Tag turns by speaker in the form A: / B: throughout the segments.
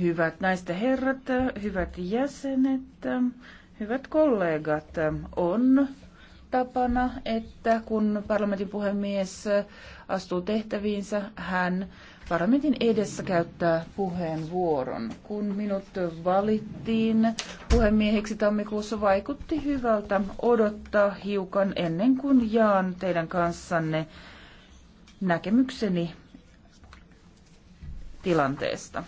A: Hyvät naiset ja herrat, hyvät jäsenet, hyvät kollegat, on tapana, että kun parlamentin puhemies astuu tehtäviinsä, hän parlamentin edessä käyttää puheenvuoron. Kun minut valittiin puhemieheksi tammikuussa, vaikutti hyvältä odottaa hiukan ennen kuin jaan teidän kanssanne näkemykseni tilanteesta.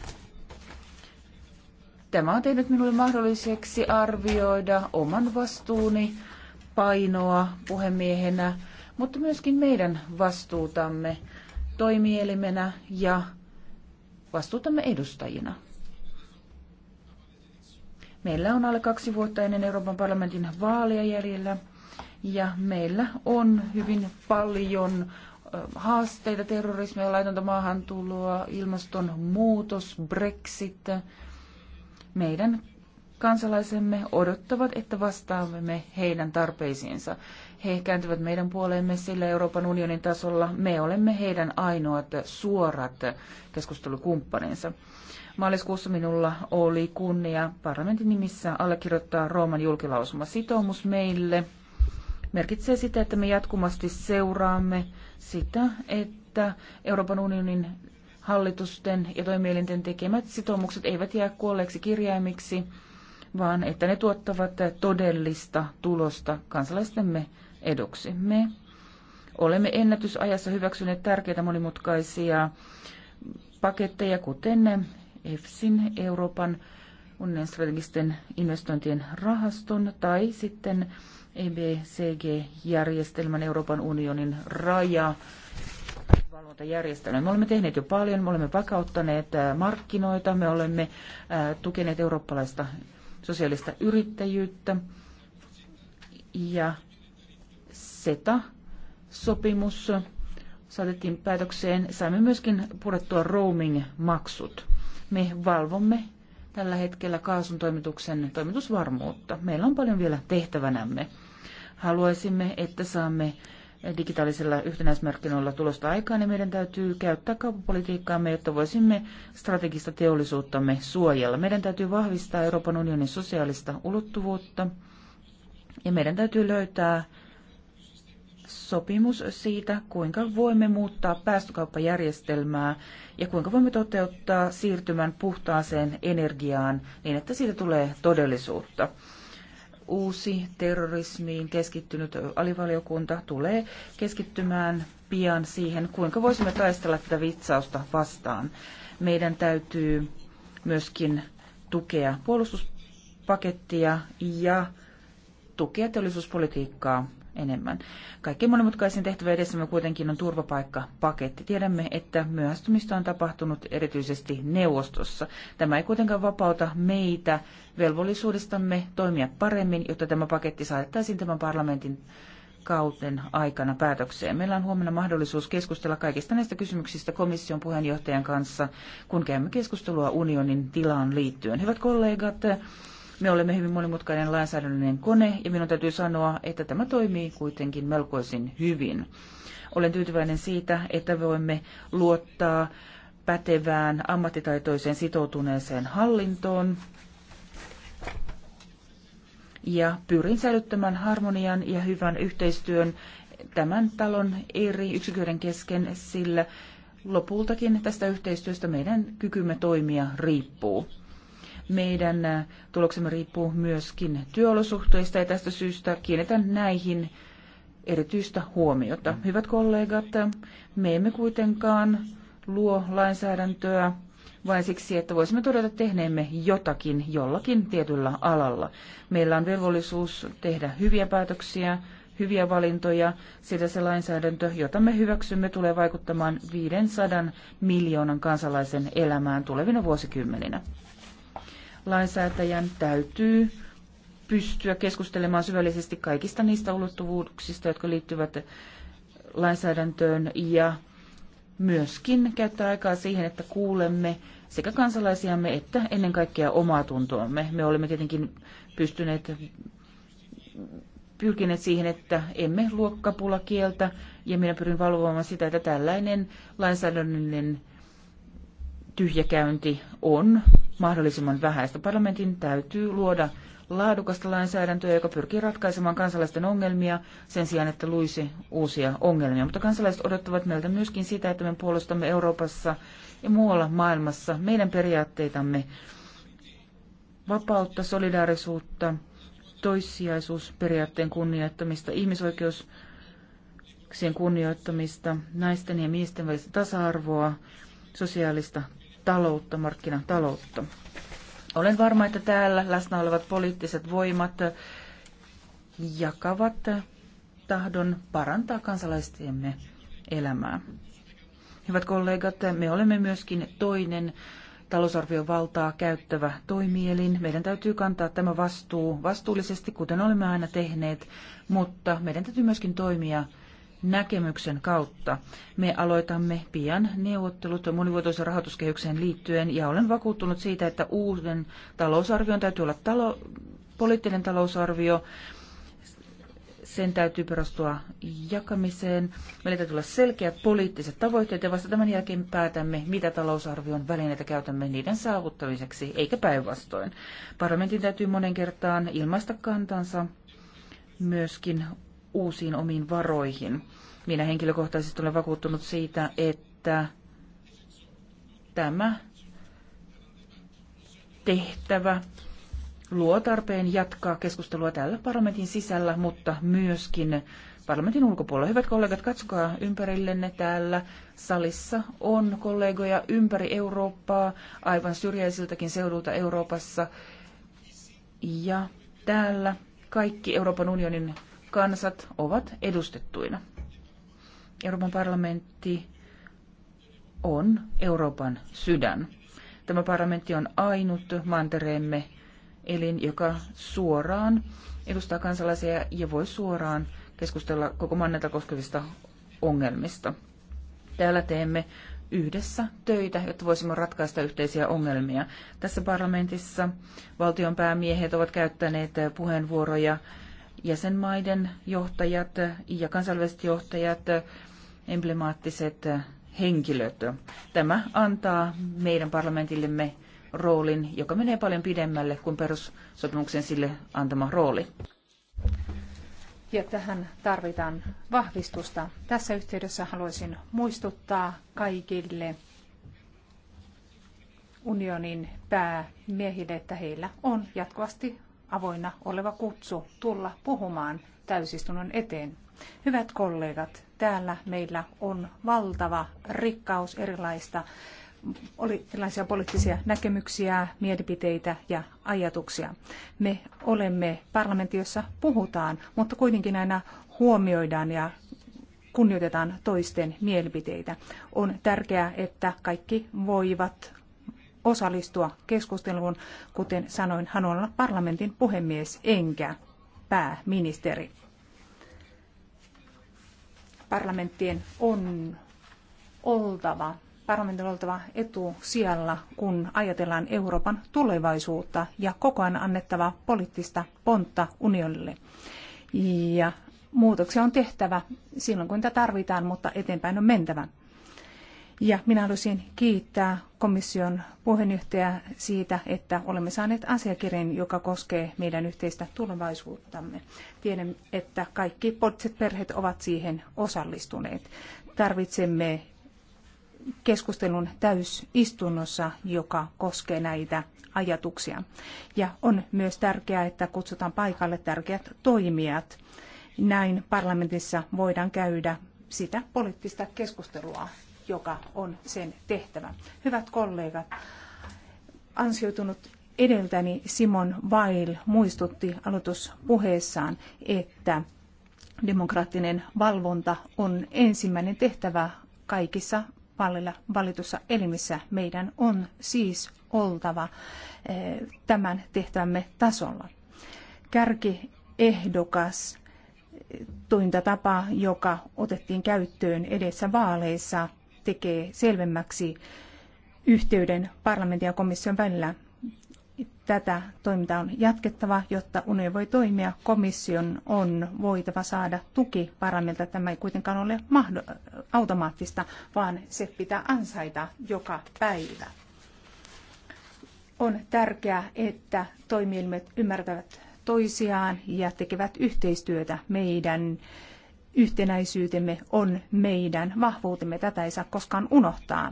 A: Tämä on tehnyt minulle mahdolliseksi arvioida oman vastuuni painoa puhemiehenä, mutta myöskin meidän vastuutamme toimielimenä ja vastuutamme edustajina. Meillä on alle kaksi vuotta ennen Euroopan parlamentin vaaleja jäljellä ja meillä on hyvin paljon haasteita, terrorismia, laitonta maahantuloa, ilmastonmuutos, Brexit. Meidän kansalaisemme odottavat, että vastaamme heidän tarpeisiinsa. He kääntyvät meidän puoleemme, sillä Euroopan unionin tasolla me olemme heidän ainoat suorat keskustelukumppaninsa. Maaliskuussa minulla oli kunnia parlamentin nimissä allekirjoittaa Rooman julkilausuma sitoumus meille – merkitsee sitä, että me jatkuvasti seuraamme sitä, että Euroopan unionin hallitusten ja toimielinten tekemät sitoumukset eivät jää kuolleeksi kirjaimiksi, vaan että ne tuottavat todellista tulosta kansalaistemme eduksi. Me olemme ennätysajassa hyväksyneet tärkeitä monimutkaisia paketteja, kuten EFSin Euroopan unionin strategisten investointien rahaston tai sitten EBCG-järjestelmän Euroopan unionin raja valvontajärjestelmä. Me olemme tehneet jo paljon, me olemme vakauttaneet äh, markkinoita, me olemme äh, tukeneet eurooppalaista sosiaalista yrittäjyyttä ja SETA-sopimus saatettiin päätökseen. Saimme myöskin purettua roaming-maksut. Me valvomme tällä hetkellä kaasun toimituksen toimitusvarmuutta. Meillä on paljon vielä tehtävänämme. Haluaisimme, että saamme digitaalisella yhtenäismarkkinoilla tulosta aikaan, niin meidän täytyy käyttää kauppapolitiikkaamme, jotta voisimme strategista teollisuuttamme suojella. Meidän täytyy vahvistaa Euroopan unionin sosiaalista ulottuvuutta ja meidän täytyy löytää sopimus siitä, kuinka voimme muuttaa päästökauppajärjestelmää ja kuinka voimme toteuttaa siirtymän puhtaaseen energiaan niin, että siitä tulee todellisuutta. Uusi terrorismiin keskittynyt alivaliokunta tulee keskittymään pian siihen, kuinka voisimme taistella tätä vitsausta vastaan. Meidän täytyy myöskin tukea puolustuspakettia ja tukea teollisuuspolitiikkaa enemmän. Kaikki monimutkaisin tehtävä edessämme kuitenkin on turvapaikkapaketti. Tiedämme, että myöhästymistä on tapahtunut erityisesti neuvostossa. Tämä ei kuitenkaan vapauta meitä velvollisuudestamme toimia paremmin, jotta tämä paketti saatettaisiin tämän parlamentin kauten aikana päätökseen. Meillä on huomenna mahdollisuus keskustella kaikista näistä kysymyksistä komission puheenjohtajan kanssa, kun käymme keskustelua unionin tilaan liittyen. Hyvät kollegat, me olemme hyvin monimutkainen lainsäädännöllinen kone ja minun täytyy sanoa, että tämä toimii kuitenkin melkoisin hyvin. Olen tyytyväinen siitä, että voimme luottaa pätevään, ammattitaitoiseen, sitoutuneeseen hallintoon. Ja pyrin säilyttämään harmonian ja hyvän yhteistyön tämän talon eri yksiköiden kesken, sillä lopultakin tästä yhteistyöstä meidän kykymme toimia riippuu. Meidän äh, tuloksemme riippuu myöskin työolosuhteista ja tästä syystä kiinnitän näihin erityistä huomiota. Hyvät kollegat, me emme kuitenkaan luo lainsäädäntöä vain siksi, että voisimme todeta tehneemme jotakin jollakin tietyllä alalla. Meillä on velvollisuus tehdä hyviä päätöksiä, hyviä valintoja, sillä se lainsäädäntö, jota me hyväksymme, tulee vaikuttamaan 500 miljoonan kansalaisen elämään tulevina vuosikymmeninä lainsäätäjän täytyy pystyä keskustelemaan syvällisesti kaikista niistä ulottuvuuksista, jotka liittyvät lainsäädäntöön ja myöskin käyttää aikaa siihen, että kuulemme sekä kansalaisiamme että ennen kaikkea omaa tuntoamme. Me olemme tietenkin pystyneet pyrkineet siihen, että emme luokkapula kieltä ja minä pyrin valvomaan sitä, että tällainen lainsäädännöllinen tyhjäkäynti on mahdollisimman vähäistä. Parlamentin täytyy luoda laadukasta lainsäädäntöä, joka pyrkii ratkaisemaan kansalaisten ongelmia sen sijaan, että luisi uusia ongelmia. Mutta kansalaiset odottavat meiltä myöskin sitä, että me puolustamme Euroopassa ja muualla maailmassa meidän periaatteitamme vapautta, solidaarisuutta, toissijaisuusperiaatteen kunnioittamista, ihmisoikeuksien kunnioittamista, naisten ja miesten välistä tasa-arvoa, sosiaalista taloutta, markkinataloutta. Olen varma, että täällä läsnä olevat poliittiset voimat jakavat tahdon parantaa kansalaistiemme elämää. Hyvät kollegat, me olemme myöskin toinen talousarvion valtaa käyttävä toimielin. Meidän täytyy kantaa tämä vastuu vastuullisesti, kuten olemme aina tehneet, mutta meidän täytyy myöskin toimia näkemyksen kautta. Me aloitamme pian neuvottelut monivuotoisen rahoituskehykseen liittyen ja olen vakuuttunut siitä, että uuden talousarvion täytyy olla talo, poliittinen talousarvio. Sen täytyy perustua jakamiseen. Meillä täytyy olla selkeät poliittiset tavoitteet ja vasta tämän jälkeen päätämme, mitä talousarvion välineitä käytämme niiden saavuttamiseksi, eikä päinvastoin. Parlamentin täytyy monen kertaan ilmaista kantansa myöskin uusiin omiin varoihin. Minä henkilökohtaisesti olen vakuuttunut siitä, että tämä tehtävä luo tarpeen jatkaa keskustelua täällä parlamentin sisällä, mutta myöskin parlamentin ulkopuolella. Hyvät kollegat, katsokaa ympärillenne täällä salissa. On kollegoja ympäri Eurooppaa, aivan syrjäisiltäkin seudulta Euroopassa. Ja täällä kaikki Euroopan unionin kansat ovat edustettuina. Euroopan parlamentti on Euroopan sydän. Tämä parlamentti on ainut mantereemme elin, joka suoraan edustaa kansalaisia ja voi suoraan keskustella koko mannetta koskevista ongelmista. Täällä teemme yhdessä töitä, jotta voisimme ratkaista yhteisiä ongelmia. Tässä parlamentissa valtion päämiehet ovat käyttäneet puheenvuoroja jäsenmaiden johtajat ja kansainväliset johtajat, emblemaattiset henkilöt. Tämä antaa meidän parlamentillemme roolin, joka menee paljon pidemmälle kuin perussopimuksen sille antama rooli.
B: Ja tähän tarvitaan vahvistusta. Tässä yhteydessä haluaisin muistuttaa kaikille unionin päämiehille, että heillä on jatkuvasti avoinna oleva kutsu tulla puhumaan täysistunnon eteen. Hyvät kollegat, täällä meillä on valtava rikkaus erilaista oli erilaisia poliittisia näkemyksiä, mielipiteitä ja ajatuksia. Me olemme parlamentissa puhutaan, mutta kuitenkin aina huomioidaan ja kunnioitetaan toisten mielipiteitä. On tärkeää, että kaikki voivat osallistua keskusteluun. Kuten sanoin, hän on parlamentin puhemies enkä pääministeri. Parlamenttien on oltava, parlamentin on oltava etu siellä, kun ajatellaan Euroopan tulevaisuutta ja koko ajan annettava poliittista pontta unionille. Ja muutoksia on tehtävä silloin, kun niitä tarvitaan, mutta eteenpäin on mentävä. Ja minä haluaisin kiittää komission puheenjohtajaa siitä, että olemme saaneet asiakirjan, joka koskee meidän yhteistä tulevaisuuttamme. Tiedän, että kaikki poliittiset perheet ovat siihen osallistuneet. Tarvitsemme keskustelun täysistunnossa, joka koskee näitä ajatuksia. Ja on myös tärkeää, että kutsutaan paikalle tärkeät toimijat. Näin parlamentissa voidaan käydä sitä poliittista keskustelua, joka on sen tehtävä. Hyvät kollegat, ansioitunut edeltäni Simon Weil muistutti aloituspuheessaan, että demokraattinen valvonta on ensimmäinen tehtävä kaikissa vallilla valitussa elimissä. Meidän on siis oltava eh, tämän tehtävämme tasolla. Kärkiehdokas eh, toimintatapa, joka otettiin käyttöön edessä vaaleissa, tekee selvemmäksi yhteyden parlamentin ja komission välillä. Tätä toimintaa on jatkettava, jotta unioni voi toimia. Komission on voitava saada tuki parlamentilta. Tämä ei kuitenkaan ole automaattista, vaan se pitää ansaita joka päivä. On tärkeää, että toimielimet ymmärtävät toisiaan ja tekevät yhteistyötä meidän yhtenäisyytemme on meidän vahvuutemme. Tätä ei saa koskaan unohtaa.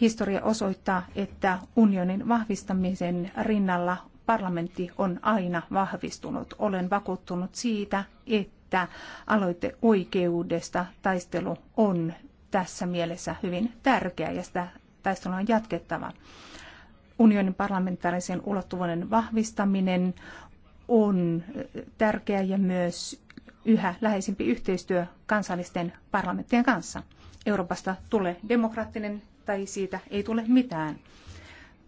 B: Historia osoittaa, että unionin vahvistamisen rinnalla parlamentti on aina vahvistunut. Olen vakuuttunut siitä, että aloite oikeudesta taistelu on tässä mielessä hyvin tärkeä ja sitä taistelua on jatkettava. Unionin parlamentaarisen ulottuvuuden vahvistaminen on tärkeä ja myös yhä läheisempi yhteistyö kansallisten parlamenttien kanssa. Euroopasta tulee demokraattinen tai siitä ei tule mitään.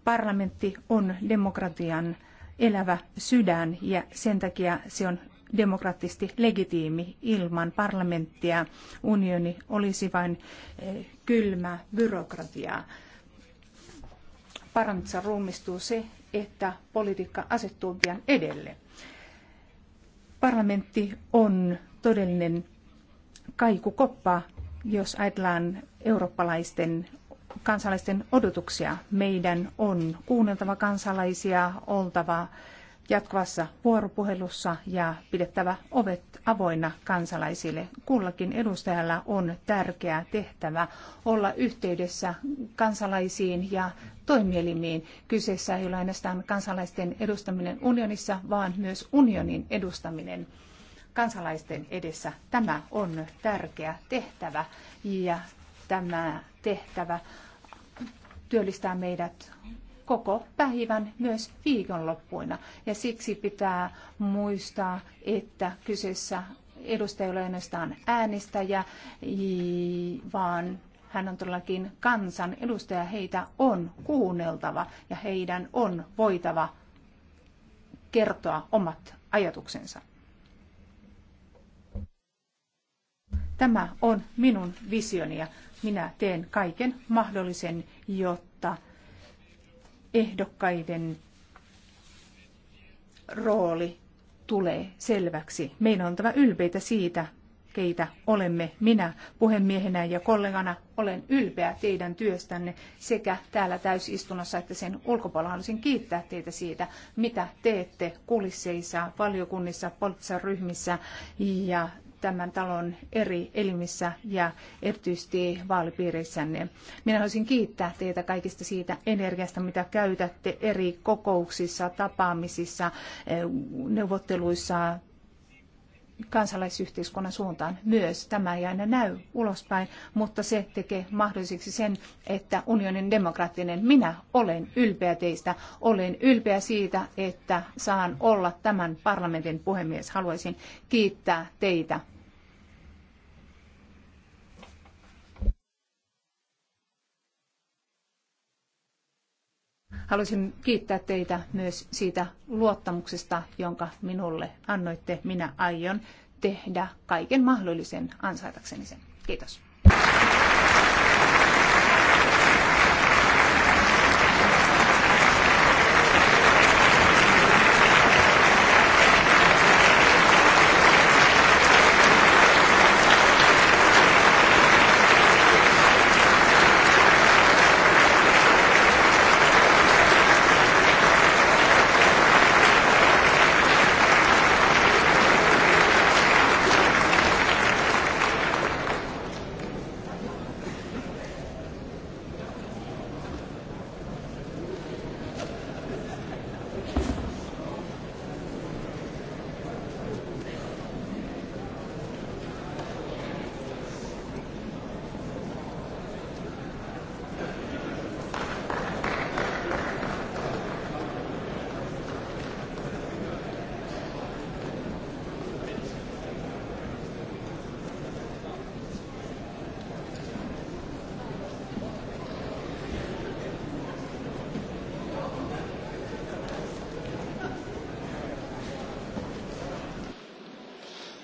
B: Parlamentti on demokratian elävä sydän ja sen takia se on demokraattisesti legitiimi ilman parlamenttia. Unioni olisi vain eh, kylmää byrokratiaa. Parlamentissa ruumistuu se, että politiikka asettuu pian edelle parlamentti on todellinen kaikukoppa, jos ajatellaan eurooppalaisten kansalaisten odotuksia. Meidän on kuunneltava kansalaisia, oltava jatkuvassa vuoropuhelussa ja pidettävä ovet avoinna kansalaisille. Kullakin edustajalla on tärkeä tehtävä olla yhteydessä kansalaisiin ja toimielimiin. Kyseessä ei ole ainoastaan kansalaisten edustaminen unionissa, vaan myös unionin edustaminen kansalaisten edessä. Tämä on tärkeä tehtävä ja tämä tehtävä työllistää meidät koko päivän myös viikonloppuina. Ja siksi pitää muistaa, että kyseessä edustaja ei ole ainoastaan äänestäjä, vaan hän on todellakin kansan edustaja. Heitä on kuunneltava ja heidän on voitava kertoa omat ajatuksensa. Tämä on minun visioni ja minä teen kaiken mahdollisen, jotta ehdokkaiden rooli tulee selväksi. Meidän on oltava ylpeitä siitä, keitä olemme. Minä puhemiehenä ja kollegana olen ylpeä teidän työstänne sekä täällä täysistunnossa että sen ulkopuolella. Haluaisin kiittää teitä siitä, mitä teette kulisseissa, valiokunnissa, poliittisissa ryhmissä ja tämän talon eri elimissä ja erityisesti vaalipiireissänne. Minä haluaisin kiittää teitä kaikista siitä energiasta, mitä käytätte eri kokouksissa, tapaamisissa, eh, neuvotteluissa, kansalaisyhteiskunnan suuntaan myös. Tämä ei aina näy ulospäin, mutta se tekee mahdolliseksi sen, että unionin demokraattinen minä olen ylpeä teistä. Olen ylpeä siitä, että saan olla tämän parlamentin puhemies. Haluaisin kiittää teitä Haluaisin kiittää teitä myös siitä luottamuksesta, jonka minulle annoitte. Minä aion tehdä kaiken mahdollisen ansaitakseni sen. Kiitos.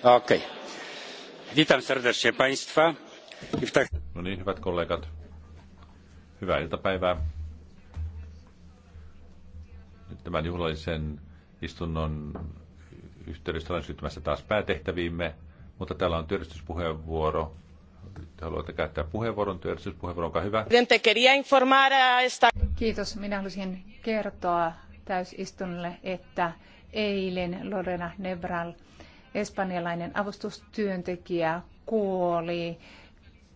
A: Okei. Okay. Witam serdecznie Państwa. No niin, hyvät kollegat. Hyvää iltapäivää. Nyt tämän juhlallisen istunnon yhteydessä olen syttymässä taas päätehtäviimme, mutta täällä on työllisyyspuheenvuoro. Haluatte käyttää puheenvuoron, työllisyyspuheenvuoro, olkaa hyvä.
B: Kiitos. Minä haluaisin kertoa täysistunnolle, että eilen Lorena Nebral – espanjalainen avustustyöntekijä kuoli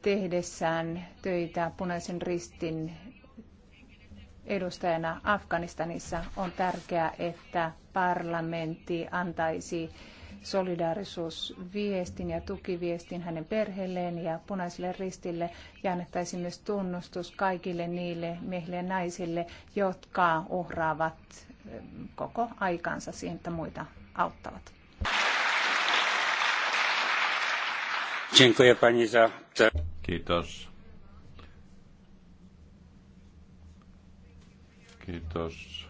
B: tehdessään töitä punaisen ristin edustajana Afganistanissa. On tärkeää, että parlamentti antaisi solidaarisuusviestin ja tukiviestin hänen perheelleen ja punaiselle ristille ja annettaisiin myös tunnustus kaikille niille miehille ja naisille, jotka uhraavat eh, koko aikansa siihen, että muita auttavat.
A: Kiitos. Kiitos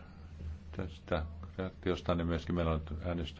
A: tästä reaktiosta. Niin myöskin meillä on äänestys.